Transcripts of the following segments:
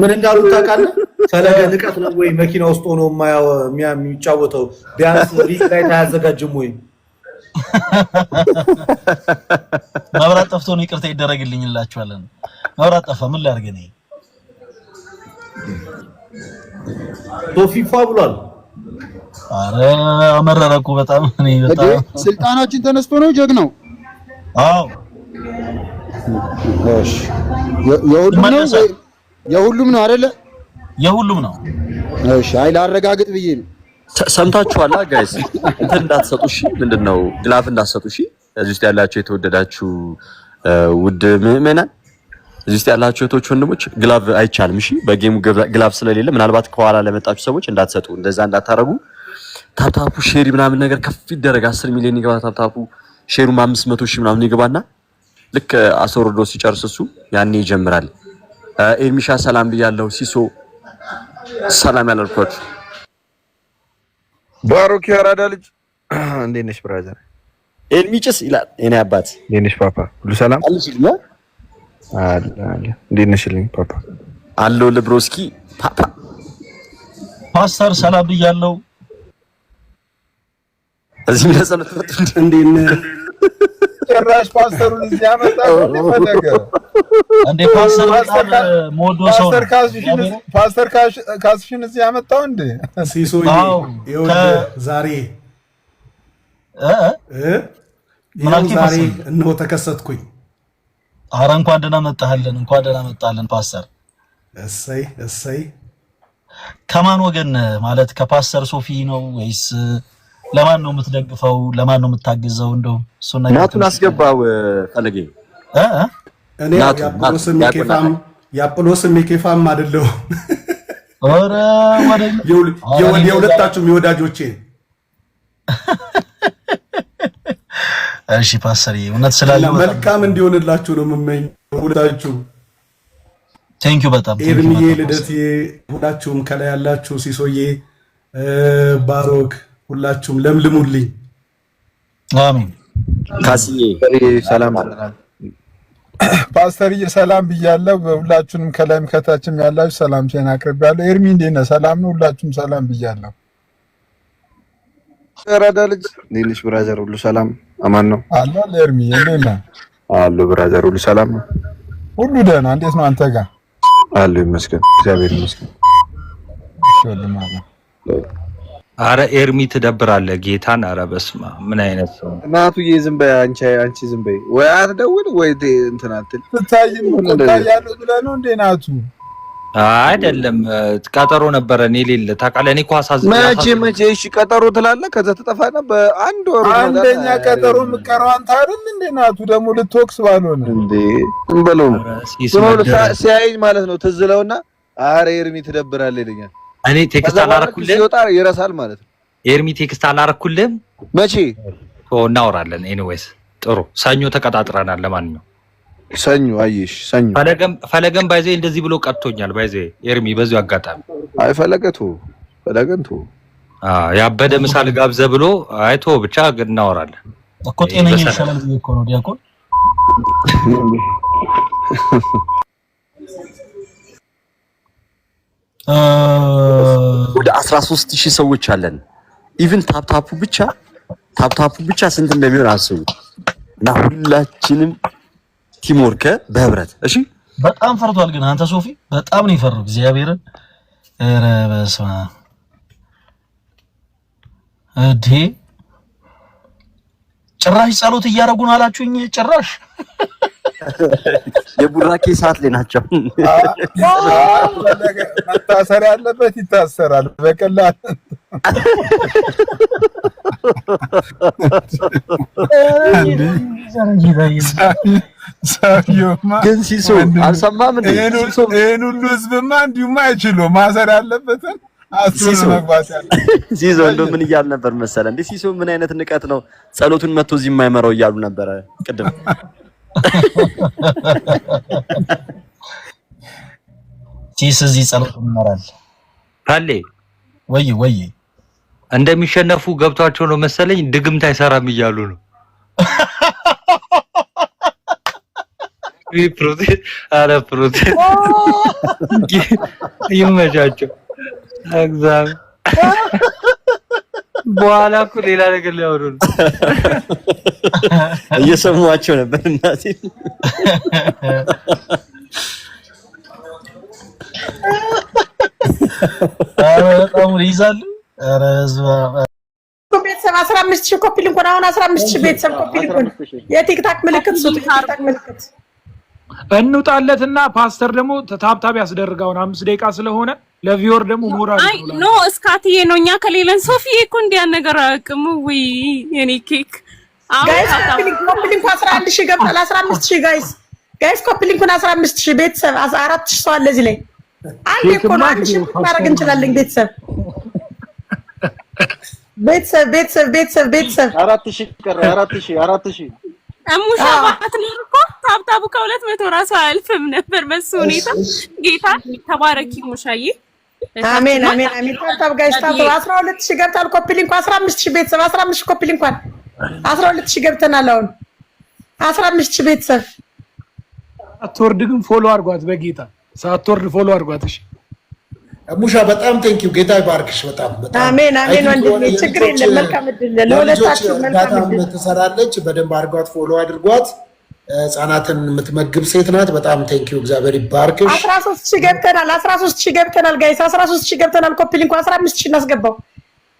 ምን እንዳሉ ታውቃለህ? ፈለገ ንቀት ነው ወይ መኪና ውስጥ ሆኖ የሚጫወተው? ቢያንስ ሪት ላይ አያዘጋጅም ወይ? መብራት ጠፍቶ ነው። ይቅርታ ይደረግልኝ እላችኋለን። መብራት ጠፋ። ምን ላድርግ እኔ። ቶፊፋ ብሏል። አረ አመረረኩ በጣም እኔ በጣም ስልጣናችን ተነስቶ ነው ጀግ ነው የሁሉም ነው የሁሉም አይደለ? የሁሉም ነው። እሺ። አይ ላረጋግጥ ብዬ ነው። ሰምታችኋላ ጋይስ፣ እንትን እንዳትሰጡ እሺ። ምንድነው ግላፍ እንዳትሰጡ እሺ። እዚህ ውስጥ ያላችሁ የተወደዳችሁ ውድ ምዕመናን እዚህ ውስጥ ያላችሁ እህቶች ወንድሞች፣ ግላቭ አይቻልም። እሺ በጌሙ ግላቭ ስለሌለ ምናልባት ከኋላ ለመጣችሁ ሰዎች እንዳትሰጡ፣ እንደዛ እንዳታረጉ። ታፕታፑ ሼሪ ምናምን ነገር ከፍ ይደረግ። አስር ሚሊዮን ይገባ ታፕታፑ ሼሩም አምስት መቶ ሺህ ምናምን ይገባና ልክ አስወርዶ ሲጨርስ እሱ ያኔ ይጀምራል። ኤርሚሻ ሰላም ብያለሁ። ሲሶ ሰላም ያላልኩት ባሮክ ያራዳ ልጅ እንዴት ነሽ ብራዘር? ኤርሚጭስ ይላል የኔ አባት እንዴት ነሽ ፓፓ? ሁሉ ሰላም አልሽልኝ አለ አለ እንዴት ልኝ ፓፓ? አሎ ለብሮስኪ ፓፓ ፓስተር ሰላም ብያለሁ። እዚህ ምለሰለ እንዴት ነህ? ጭራሽ ፓስተሩን እዚህ እንዴ? ፓስተር ካስሽን እዚህ ያመጣው እንዴ? ሲሶዬ ዛሬ ዛሬ እነሆ ተከሰትኩኝ። አረ እንኳን ደህና መጣህልን፣ እንኳን ደህና መጣህልን ፓስተር። እሰይ እሰይ። ከማን ወገን ማለት ከፓስተር ሶፊ ነው ወይስ ለማን ነው የምትደግፈው? ለማን ነው የምታግዘው? እንደው እሱ ነገር ናቱን አስገባው ፈለጌ እ እኔ የአጵሎስም የኬፋም አይደለሁም። ኧረ የሁለታችሁም የወዳጆቼ። እሺ ፓስተር፣ እውነት ስላለ መልካም እንዲሆንላችሁ ነው የምመኘው ሁለታችሁ። ቴንክ ዩ በጣም ኤርሚዬ፣ ልደትዬ፣ ሁላችሁም ከላይ ያላችሁ ሲሶዬ፣ ባሮክ ሁላችሁም ለምልሙልኝ። አሜን። ካስዬ ሰላም ፓስተርዬ ሰላም ብያለሁ። ሁላችሁንም ከላይም ከታችም ያላችሁ ሰላም ጤና አቅርቤያለሁ። ኤርሚ እንዴት ነህ? ሰላም ነው? ሁላችሁም ሰላም ብያለሁ። ረዳ ልጅ እንዴት ነሽ? ብራዘር ሁሉ ሰላም አማን ነው አለ ኤርሚ። እንዴት ነህ? አሉ ብራዘር ሁሉ ሰላም ነው? ሁሉ ደህና። እንዴት ነው አንተ ጋር? አሉ ይመስገን፣ እግዚአብሔር ይመስገን። አረ ኤርሚ ትደብራለ ጌታን። አረ በስማ ምን አይነት ሰው እናቱዬ! ዝም በይ አንቺ፣ አንቺ ዝም በይ። ወይ አትደውል ወይ እንትን አትል። ትታይም ትታያለህ ብለህ ነው እንዴ ናቱ? አይደለም ቀጠሮ ነበረ። እኔ ሌለ ታውቃለህ። እኔ ኳስ አዝ መቼ መቼ? እሺ ቀጠሮ ትላለህ፣ ከዛ ትጠፋና በአንድ ወር አንደኛ ቀጠሮ የምትቀረው አንተ አይደል እንዴ ናቱ? ደግሞ ልትወቅስ ባልሆነ እንዴ እንበለው ሲያየኝ ማለት ነው ትዝለውና፣ አረ ኤርሚ ትደብራለህ ይለኛል። እኔ ቴክስት አላረኩልህ ሲወጣ ይረሳል ማለት ነው። ኤርሚ ቴክስት አላረኩልህም መቼ? እናወራለን። ኤኒዌይስ ጥሩ ሰኞ ተቀጣጥረናል። ለማንኛውም ሰኞ አየሽ፣ ሰኞ ፈለገም ፈለገም ባይዘ እንደዚህ ብሎ ቀጥቶኛል። ባይዘ ኤርሚ በዚሁ አጋጣሚ አይ ፈለገቱ ፈለገንቱ ያበደ ምሳል ጋብዘ ብሎ አይቶ ብቻ እናወራለን እኮ ጤነኛ ሰላም እኮ ነው ዲያቆን እ 13 ሺህ ሰዎች አለን። ኢቭን ታፕታፑ ብቻ ታፕታፑ ብቻ ስንት እንደሚሆን አስቡ። እና ሁላችንም ቲም ወርከ በህብረት እሺ። በጣም ፈርቷል ግን አንተ ሶፊ በጣም ነው የፈራው እግዚአብሔርን። ኧረ በስመ አብ እዴ ጭራሽ ጸሎት እያደረጉን አላችሁኝ ጭራሽ የቡራኬ ሰዓት ላይ ናቸው። መታሰር ያለበት ይታሰራል። በቀላል ግን ሲሶ አልሰማም። ይህን ሁሉ ህዝብማ እንዲሁማ አይችሉም። ማሰር ያለበትን ሲሶ እንደው ምን እያል ነበር መሰለ እንዴ? ሲሶ ምን አይነት ንቀት ነው ጸሎቱን መጥቶ እዚህ የማይመራው እያሉ ነበረ ቅድም ቺስ እዚህ ጸሎት ይመራል። ታሌ ወይ ወይ እንደሚሸነፉ ገብቷቸው ነው መሰለኝ። ድግምት አይሰራም እያሉ ነው። አረ ፕሮቴስት ይመቻቸው እግዚአብሔር በኋላ እኮ ሌላ ነገር ሊያወሩ ነው። እየሰማቸው ነበር እናቴ ቤተሰብ አስራ አምስት ሺህ ኮፒ ልንኩን አሁን አስራ አምስት ሺህ ቤተሰብ ኮፒ ልንኩን የቲክታክ ምልክት ሱ ቲክታክ ምልክት እንውጣለትና ፓስተር ደግሞ ታብታብ ያስደርጋውን አምስት ደቂቃ ስለሆነ ለቪወር ደግሞ ሞራል ኖ እስካትዬ ነው እኛ ከሌለን ሶፊዬ እኮ እንዲያን ነገር አቅሙ ወይ የኔ ኬክ ኮፕሊንኩ አስራ አንድ ገብቷል። አስራ አምስት ጋይስ ጋይስ ኮፕሊንኩን አስራ አምስት ቤተሰብ አራት ሰው አለ እዚህ ላይ አንድ እኮ ነው። አንድ ማድረግ እንችላለን ቤተሰብ ቤተሰብ ቤተሰብ ቤተሰብ ቤተሰብ አራት ሺ ቀረ አራት ሺ አራት ሺ እሙሻ ባት እኮ ታብታቡ ከሁለት መቶ ራሱ አያልፍም ነበር በሱ ሁኔታ። ጌታ ተባረኪ ሙሻዬ። አሜን አሜን አሜን። ታብታብ ጋይስታቶ 12 ሺህ ገብታል። ኮፒ ሊንኩ 15 ሺህ ቤተሰብ 15 ሺህ ኮፒ ሊንኳን 12 ሺህ ገብተናል። አሁን 15 ሺህ ቤተሰብ ሳትወርድ ግን ፎሎ አድርጓት፣ በጌታ ሳትወርድ ፎሎ አድርጓት። እሺ ሙሻ በጣም ቴንክ ዩ ጌታ ይባርክሽ። በጣም በጣም አሜን አሜን። ወንድሜ ችግር የለም። መልካም እድል ለሁለታችሁ። መልካም እድል ትሰራለች። በደንብ አድርጓት፣ ፎሎ አድርጓት። ህጻናትን የምትመግብ ሴት ናት። በጣም ቴንኪዩ እግዚአብሔር ይባርክሽ። አስራ ሶስት ሺህ ገብተናል። አስራ ሶስት ሺህ ገብተናል። ጋይስ አስራ ሶስት ሺህ ገብተናል። ኮፒል እንኳን አስራ አምስት ሺህ እናስገባው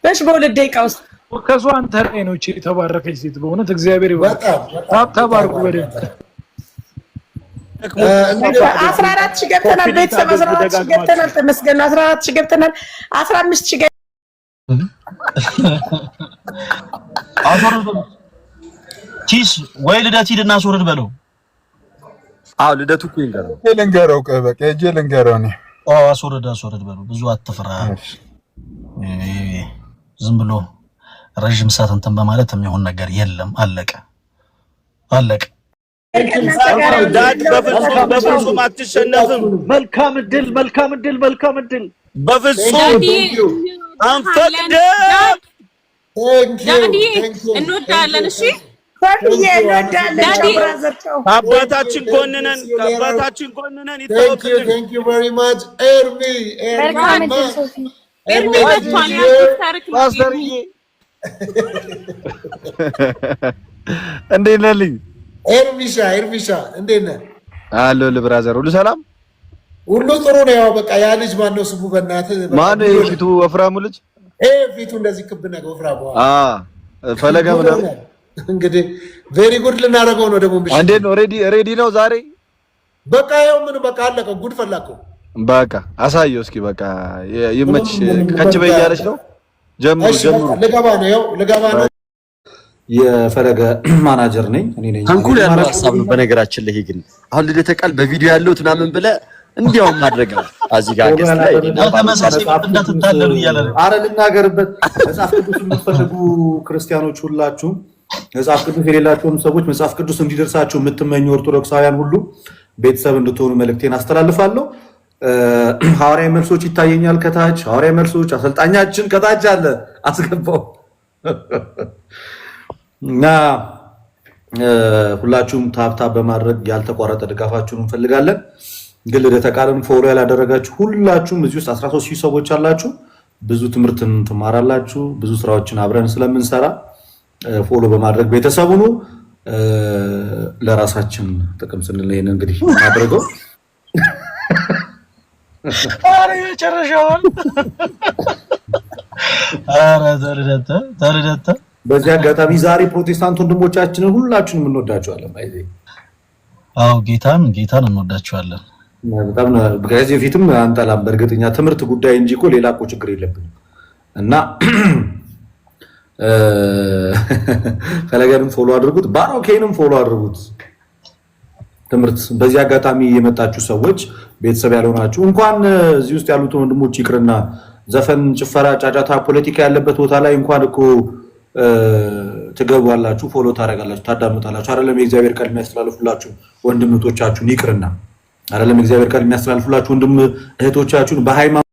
በሽ በሁለት ደቂቃ ውስጥ ከሱ አንተ ላይ ነው። የተባረከች ሴት በእውነት እግዚአብሔር ይባርክ። ተባርኩ በደንብ አስራ አራት ሺህ ገብተናል። ቤተሰብ አስራ አራት ሺህ ገብተናል። ተመስገን አስራ አራት ሺህ ገብተናል። አስራ አምስት ሺህ ቺስ ወይ ልደት ሂድና አስወርድ በለው። አዎ ልደቱ እኮ ይንገረው ልንገረው በቃ ሂጅ ልንገረው አዎ አስወርድ አስወርድ በለው። ብዙ አትፍራ። ዝም ብሎ ረዥም ሰዓት እንትን በማለት የሚሆን ነገር የለም። አለቀ አለቀ። በፍጹም አትሸነፍም። መልካም እድል መልካም እድል መልካም እድል። በፍጹም አንፈቅድም። እንወዳለን። እሺ አባታችን ጎንነን አባታችን ጎንነን እንዴት ነህ ኤርሚሻ ኤርሚሻ እንዴት ነህ አሎ ልብራዘር ሁሉ ሰላም ሁሉ ጥሩ ነው ያው በቃ ያ ልጅ ማነው ስሙ በእናትህ ማነው ይሄ ፊቱ ወፍራሙ ልጅ ይሄ ፊቱ እንደዚህ ክብ ነገር ወፍራሙ ፈለገ ምናምን እንግዲህ ቬሪ ጉድ ልናደርገው ነው ደግሞ። እንዴት ነው ሬዲ ሬዲ ነው ዛሬ? በቃ ያው ምን በቃ አለቀ። ጉድ ፈላከው። በቃ አሳየው እስኪ በቃ ይመች። ከች በይ እያለች ነው። ጀምሩ ጀምሩ። ልገባ ነው ያው ልገባ ነው። የፈለገ ማናጀር ነኝ እኔ ነኝ። ተንኩል ያለው ሀሳብ ነው በነገራችን ላይ ግን አሁን ልደተ ቃል በቪዲዮ ያለሁት ምናምን ብለህ እንዲያውም ማድረግ ነው። እዚህ ጋር ገስ ላይ እንዳትታለሉ እያለ ነው። አረ ልናገርበት። መጽሐፍ ቅዱስ የምትፈልጉ ክርስቲያኖች ሁላችሁም መጽሐፍ ቅዱስ የሌላቸውም ሰዎች መጽሐፍ ቅዱስ እንዲደርሳቸው የምትመኙ ኦርቶዶክሳውያን ሁሉ ቤተሰብ እንድትሆኑ መልእክቴን አስተላልፋለሁ። ሐዋርያዊ መልሶች ይታየኛል ከታች ሐዋርያዊ መልሶች አሰልጣኛችን ከታች አለ አስገባው እና ሁላችሁም ታብታብ በማድረግ ያልተቋረጠ ድጋፋችሁን እንፈልጋለን። ግን ልደተ ቃልን ፎሎ ያላደረጋችሁ ሁላችሁም እዚህ ውስጥ 13 ሺህ ሰዎች አላችሁ። ብዙ ትምህርትን ትማራላችሁ። ብዙ ስራዎችን አብረን ስለምንሰራ ፎሎ በማድረግ ቤተሰቡ ነው ለራሳችን ጥቅም ስንል ይህን እንግዲህ ማድረገው በዚህ አጋጣሚ ዛሬ ፕሮቴስታንት ወንድሞቻችንን ሁላችሁንም እንወዳቸዋለን። አዎ ጌታን ጌታን እንወዳቸዋለን። ከዚህ በፊትም አንጠላም። በእርግጠኛ ትምህርት ጉዳይ እንጂ እኮ ሌላ እኮ ችግር የለብንም እና ፈለገንም ፎሎ አድርጉት፣ ባሮኬንም ፎሎ አድርጉት። ትምህርት በዚህ አጋጣሚ የመጣችሁ ሰዎች ቤተሰብ ያልሆናችሁ እንኳን እዚህ ውስጥ ያሉትን ወንድሞች ይቅርና ዘፈን፣ ጭፈራ፣ ጫጫታ፣ ፖለቲካ ያለበት ቦታ ላይ እንኳን እኮ ትገቡላችሁ፣ ፎሎ ታደርጋላችሁ፣ ታዳምጣላችሁ። አይደለም የእግዚአብሔር ቃል የሚያስተላልፉላችሁ ወንድም እህቶቻችሁን ይቅርና አይደለም የእግዚአብሔር ቃል የሚያስተላልፉላችሁ ወንድም እህቶቻችሁን በሃይማኖት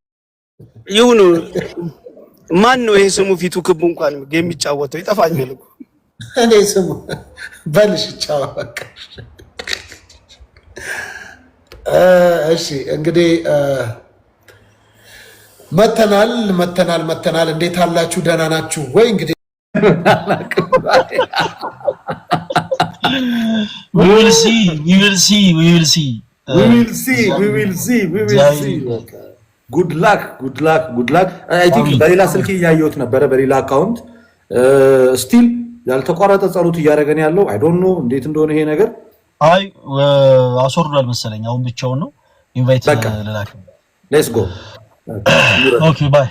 ይሁኑ ማን ነው ይሄ ስሙ ፊቱ ክቡ እንኳን የሚጫወተው ይጠፋኛል እኮ እኔ ስሙ በልሽ ቻዋቀ እሺ እንግዲህ መተናል መተናል መተናል እንዴት አላችሁ ደህና ናችሁ ወይ እንግዲህ ዊል ሲ ዊል ሲ ዊል ሲ ዊል ሲ ዊል ሲ ጉድላክ ጉድላክ ጉድላክ። አይ ቲንክ በሌላ ስልክ እያየሁት ነበረ፣ በሌላ አካውንት ስቲል ያልተቋረጠ ጸሎት እያደረገ ያለው። አይ ዶንት ኖ እንዴት እንደሆነ ይሄ ነገር። አይ አስወርዷል መሰለኝ፣ አሁን ብቻውን ነው። ኢንቫይት ለላክ ሌትስ ጎ ኦኬ ባይ።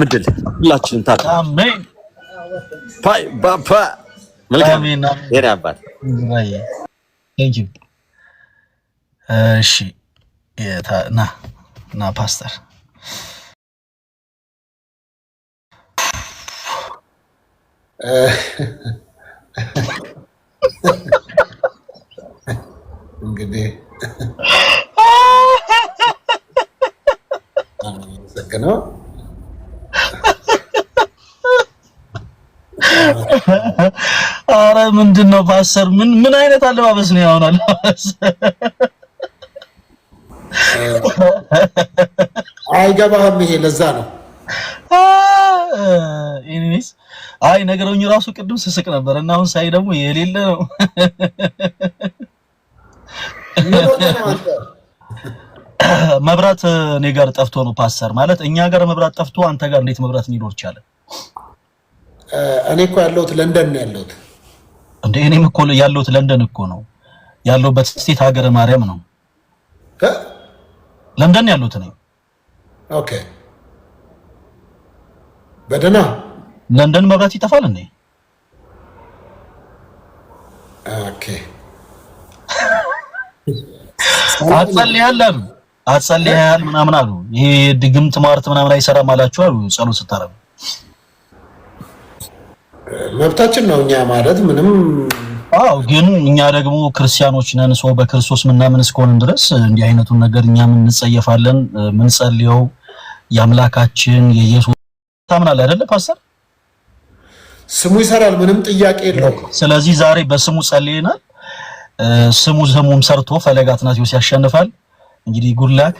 ምድል ሁላችንም ታታ አሜን። ባይ ባፓ መልካም የኔ አባት ቴንክ ዩ። እሺ የታ ና ና ፓስተር eh. እንግዲህ አረ ምንድን ነው ፓስተር ምን ምን አይነት አለባበስ ነው ያሆናል አይገባህም። ይሄ ለዛ ነው። ኤኒዌይስ አይ ነገረኝ ራሱ ቅድም ስስቅ ነበር እና አሁን ሳይ ደግሞ የሌለ ነው። መብራት እኔ ጋር ጠፍቶ ነው ፓስተር። ማለት እኛ ጋር መብራት ጠፍቶ አንተ ጋር እንዴት መብራት ሊኖር ይችላል? እኔ እኮ ያለሁት ለንደን ነው ያለሁት። እንዴ እኔም እኮ ያለሁት ለንደን እኮ ነው ያለሁበት። ስቴት ሀገረ ማርያም ነው ለንደን ያለሁት ነኝ ኦኬ በደህና ለንደን መብራት ይጠፋል እንዴ? ኦኬ አትጸልያለም አትጸልያል ምናምን አሉ። ይሄ ድግምት ማርት ምናምን አይሰራም አላችሁ አሉ። ጸሎት ስታረጉ መብታችን ነው እኛ ማለት ምንም። አዎ ግን እኛ ደግሞ ክርስቲያኖች ነን። ሰው በክርስቶስ ምናምን እስከሆንን ድረስ እንዲህ አይነቱን ነገር እኛ ምን እንጸየፋለን ምን ጸልየው የአምላካችን የኢየሱስ ታምናለህ አይደለ ፓስተር? ስሙ ይሰራል፣ ምንም ጥያቄ የለው። ስለዚህ ዛሬ በስሙ ጸልየናል። ስሙ ስሙም ሰርቶ ፈለገ አትናትዮስ ያሸንፋል። እንግዲህ ጉድላክ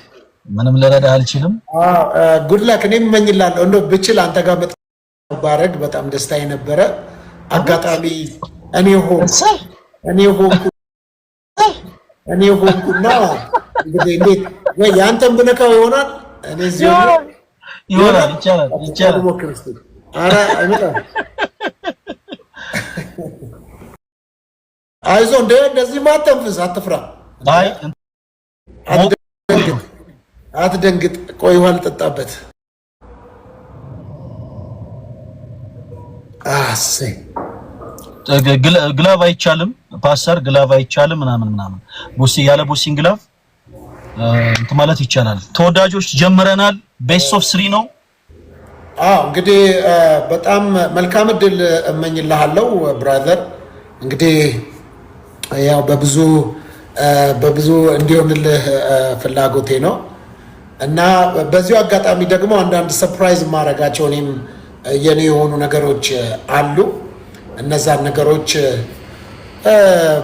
ምንም ልረዳ አልችልም። ጉድላክ እኔም እመኝላለሁ። እንደው ብችል አንተ ጋር ባረግ በጣም ደስታ የነበረ አጋጣሚ እኔ ሆንኩ እኔ ሆንኩ እኔ ሆንኩና እንግዲህ እንዴት ወይ አንተን ብነካው ይሆናል አይዞህ እንደዚህ ማተንፍስ፣ አትፍራ፣ አትደንግጥ። ቆይ ውሃ ልጠጣበት። ግላቭ አይቻልም ፓስተር፣ ግላቭ አይቻልም ምናምን ምናምን፣ ቡሲ ያለ ቡሲን ግላቭ እንትን ማለት ይቻላል። ተወዳጆች ጀምረናል። ቤስት ኦፍ ስሪ ነው። አዎ እንግዲህ በጣም መልካም እድል እመኝልሃለሁ ብራዘር። እንግዲህ ያው በብዙ በብዙ እንዲሆንልህ ፍላጎቴ ነው እና በዚሁ አጋጣሚ ደግሞ አንዳንድ ሰርፕራይዝ የማደርጋቸው እኔም የኔ የሆኑ ነገሮች አሉ። እነዛን ነገሮች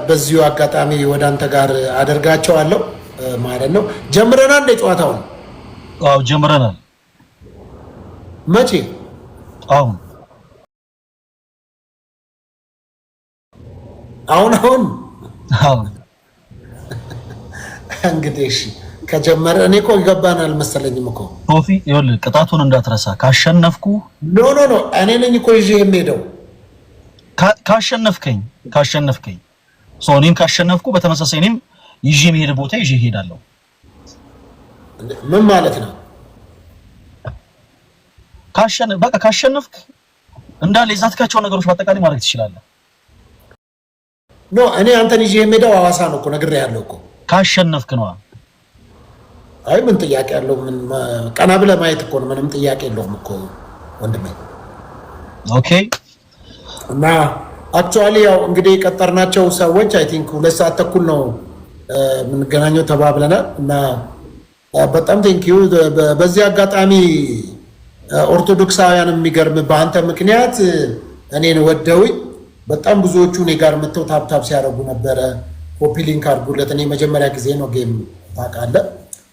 በዚሁ አጋጣሚ ወደ አንተ ጋር አደርጋቸዋለሁ። ማለት ነው። ጀምረናል እንደ ጨዋታውን? አዎ ጀምረናል። መቼ? አሁን አሁን አሁን አሁን እንግዲህ እሺ ከጀመረ እኔ እኮ ይገባናል መሰለኝም እኮ ሶፊ፣ ይኸውልህ ቅጣቱን እንዳትረሳ። ካሸነፍኩ ኖ ኖ ኖ እኔ ነኝ እኮ ይዤ የምሄደው ካሸነፍከኝ ካሸነፍከኝ እኔም ካሸነፍኩ በተመሳሳይ እኔም ይዤ የሚሄድ ቦታ ይዤ እሄዳለሁ። ምን ማለት ነው? ካሸነፍ በቃ ካሸነፍክ እንዳለ የዛትካቸው ነገሮች በአጠቃላይ ማድረግ ትችላለህ። ኖ እኔ አንተን ይዤ የሚሄደው ሐዋሳ ነው እኮ ነግሬሃለሁ እኮ ካሸነፍክ ነው። አይ ምን ጥያቄ አለው? ምን ቀና ብለህ ማየት እኮ ነው። ምንም ጥያቄ የለውም እኮ ወንድሜ። ኦኬ እና አክቹዋሊ ያው እንግዲህ የቀጠርናቸው ሰዎች አይ ቲንክ ሁለት ሰዓት ተኩል ነው የምንገናኘው ተባብለናል እና በጣም ቴንኪዩ። በዚህ አጋጣሚ ኦርቶዶክሳውያን የሚገርም በአንተ ምክንያት እኔን ወደውኝ በጣም ብዙዎቹ እኔ ጋር መጥተው ታብታብ ሲያደርጉ ነበረ። ኮፒ ሊንክ አድርጉለት። እኔ መጀመሪያ ጊዜ ነው ጌም ታውቃለህ፣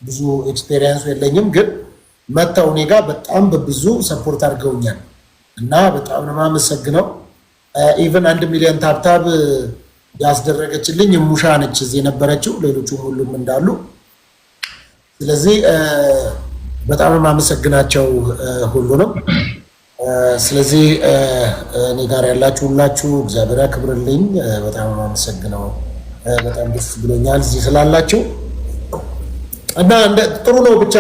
ብዙ ኤክስፔሪየንሱ የለኝም፣ ግን መጥተው እኔ ጋር በጣም በብዙ ሰፖርት አድርገውኛል እና በጣም ነው የማመሰግነው። ኢቨን አንድ ሚሊዮን ታፕታፕ ያስደረገችልኝ ሙሻ ነች እዚህ የነበረችው፣ ሌሎቹም ሁሉም እንዳሉ። ስለዚህ በጣም የማመሰግናቸው ሁሉንም። ስለዚህ እኔ ጋር ያላችሁ ሁላችሁ እግዚአብሔር ያክብርልኝ። በጣም የማመሰግነው በጣም ደስ ብሎኛል እዚህ ስላላችሁ እና ጥሩ ነው ብቻ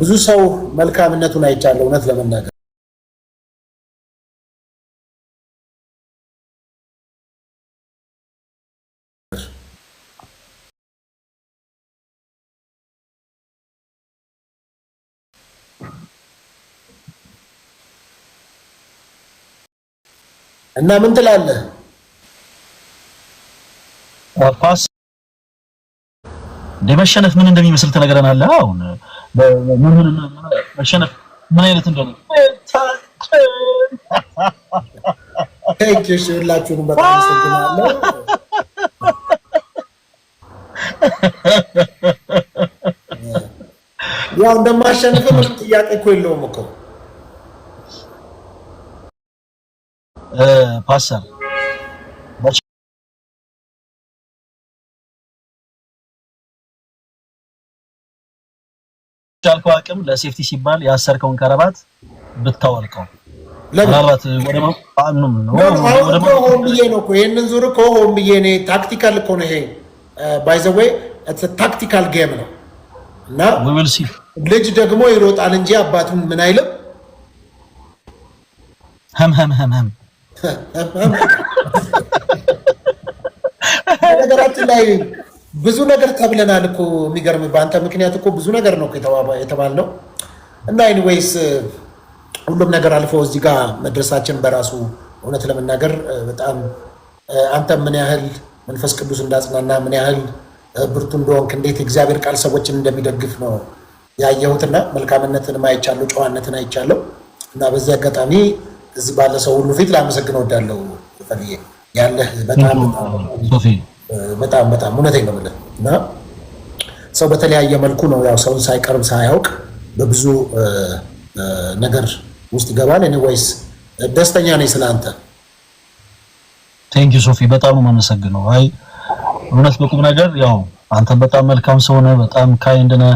ብዙ ሰው መልካምነቱን አይቻለሁ እውነት ለመናገር እና ምን ትላለህ? ኳስ መሸነፍ ምን እንደሚመስል ተነግረናል። አሁን ምን መሸነፍ ምን አይነት እንደሆነ እሺ፣ ሁላችሁንም በጣም አመሰግናለሁ። ያው እንደማሸንፍ ምንም ጥያቄ እኮ የለውም እኮ ፓስተር ቻልከው አቅም ለሴፍቲ ሲባል ያሰርከውን ከረባት ብታወልቀው ምናልባት ወደ ሆን ነው እኮ ይህንን ዙር እኮ ሆን ብዬ እኔ ታክቲካል እኮ ነው ይሄ ባይ ዘ ዌይ ታክቲካል ጌም ነው እና ልጅ ደግሞ ይሮጣል እንጂ አባቱን ምን አይልም። ህም ህም ህም ነገራችን ላይ ብዙ ነገር ተብለናል እኮ የሚገርም በአንተ ምክንያት እኮ ብዙ ነገር ነው የተባልነው። እና ኤኒዌይስ ሁሉም ነገር አልፎ እዚህ ጋር መድረሳችን በራሱ እውነት ለመናገር በጣም አንተ ምን ያህል መንፈስ ቅዱስ እንዳጽናና ምን ያህል ብርቱ እንደሆንክ እንዴት እግዚአብሔር ቃል ሰዎችን እንደሚደግፍ ነው ያየሁትና መልካምነትን አይቻለሁ፣ ጨዋነትን አይቻለሁ እና በዚህ አጋጣሚ እዚህ ባለ ሰው ሁሉ ፊት ላመሰግን ወዳለው ፈልዬ ያለህ በጣም በጣም በጣም እውነቴን ነው የምልህ እና ሰው በተለያየ መልኩ ነው ያው ሰውን ሳይቀርብ ሳያውቅ በብዙ ነገር ውስጥ ይገባል። እኔ ወይስ ደስተኛ ነኝ ስለ አንተ። ቴንኪ ሶፊ፣ በጣም የማመሰግነው። አይ እውነት በቁም ነገር ያው አንተ በጣም መልካም ሰው ነህ፣ በጣም ካይንድ ነህ።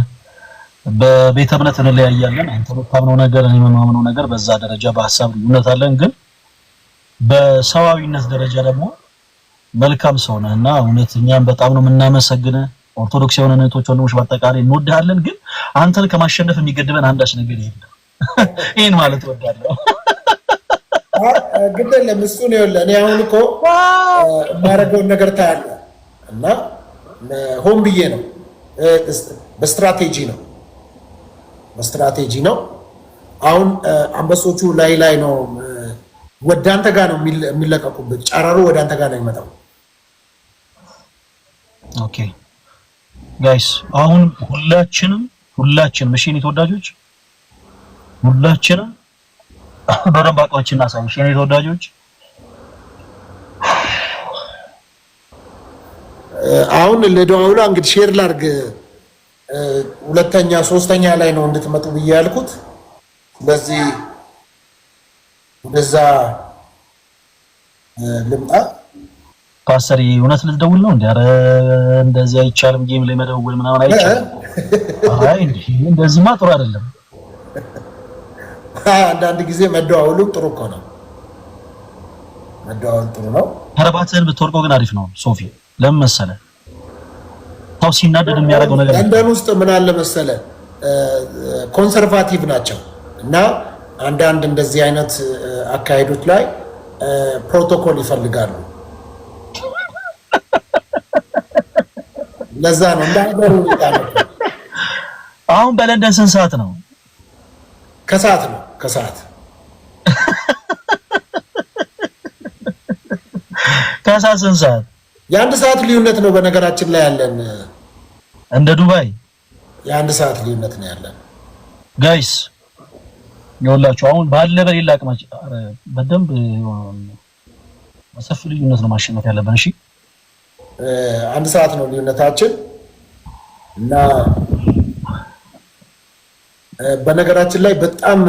በቤተ እምነት እንለያያለን። አንተ በምታምነው ነገር እኔ በማምነው ነገር በዛ ደረጃ በሀሳብ ልዩነት አለን። ግን በሰዋዊነት ደረጃ ደግሞ መልካም ሰው ነህ እና እውነት እኛም በጣም ነው የምናመሰግንህ። ኦርቶዶክስ የሆነ እህቶች ወንድሞች በአጠቃላይ እንወድሃለን። ግን አንተን ከማሸነፍ የሚገድበን አንዳች ነገር የለም። ይህን ማለት እወዳለሁ። ግድ የለም እሱ ነው ያለ። እኔ አሁን እኮ የማደርገውን ነገር ታያለህ እና ሆን ብዬ ነው በስትራቴጂ ነው በስትራቴጂ ነው። አሁን አንበሶቹ ላይ ላይ ነው ወደ አንተ ጋር ነው የሚለቀቁበት። ጨረሩ ወደ አንተ ጋር ነው የሚመጣው። ኦኬ ጋይስ፣ አሁን ሁላችንም ሁላችንም እሺ፣ እኔ ተወዳጆች ሁላችንም በደንብ አቋችን እናሳይሽ። እኔ ተወዳጆች አሁን ለደዋውላ እንግዲህ ሼር ላድርግ ሁለተኛ ሶስተኛ ላይ ነው እንድትመጡ ብዬ ያልኩት። ስለዚህ ወደዛ ልምጣ። ፓስተር እውነት ልደውል ነው እንዴ? እንደዚህ አይቻልም። ጌም ላይ መደውል ምናምን አይቻልም። አይ እንደዚህማ ጥሩ አይደለም። አንዳንድ ጊዜ መደዋወሉ ጥሩ እኮ ነው። መደዋወል ጥሩ ነው። ከረባትህን ብትወርቀው ግን አሪፍ ነው ሶፊ። ለምን መሰለህ ሰው ሲናደድ የሚያደርገው ነገር ለንደን ውስጥ ምን አለ መሰለ፣ ኮንሰርቫቲቭ ናቸው እና አንዳንድ እንደዚህ አይነት አካሄዶች ላይ ፕሮቶኮል ይፈልጋሉ። ለዛ ነው እንደ ሀገር አሁን በለንደን ስንት ሰዓት ነው? ከሰዓት ነው። ከሰዓት ከሰዓት ስንት ሰዓት የአንድ ሰዓት ልዩነት ነው በነገራችን ላይ ያለን። እንደ ዱባይ የአንድ ሰዓት ልዩነት ነው ያለን ጋይስ። ይኸውላችሁ አሁን ባለ በሌላ አቅማችን በደንብ ሰፊ ልዩነት ነው ማሸነፍ ያለብን። እሺ አንድ ሰዓት ነው ልዩነታችን እና በነገራችን ላይ በጣም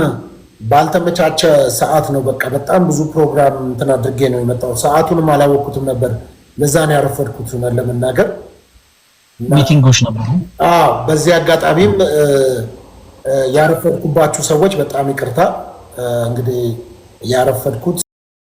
ባልተመቻቸ ሰዓት ነው። በቃ በጣም ብዙ ፕሮግራም እንትን አድርጌ ነው የመጣው። ሰዓቱንም አላወቅኩትም ነበር። ለዛ ነው ያረፈድኩት ለመናገር ሚቲንጎች ነበሩ። በዚህ አጋጣሚም ያረፈድኩባችሁ ሰዎች በጣም ይቅርታ እንግዲህ ያረፈድኩት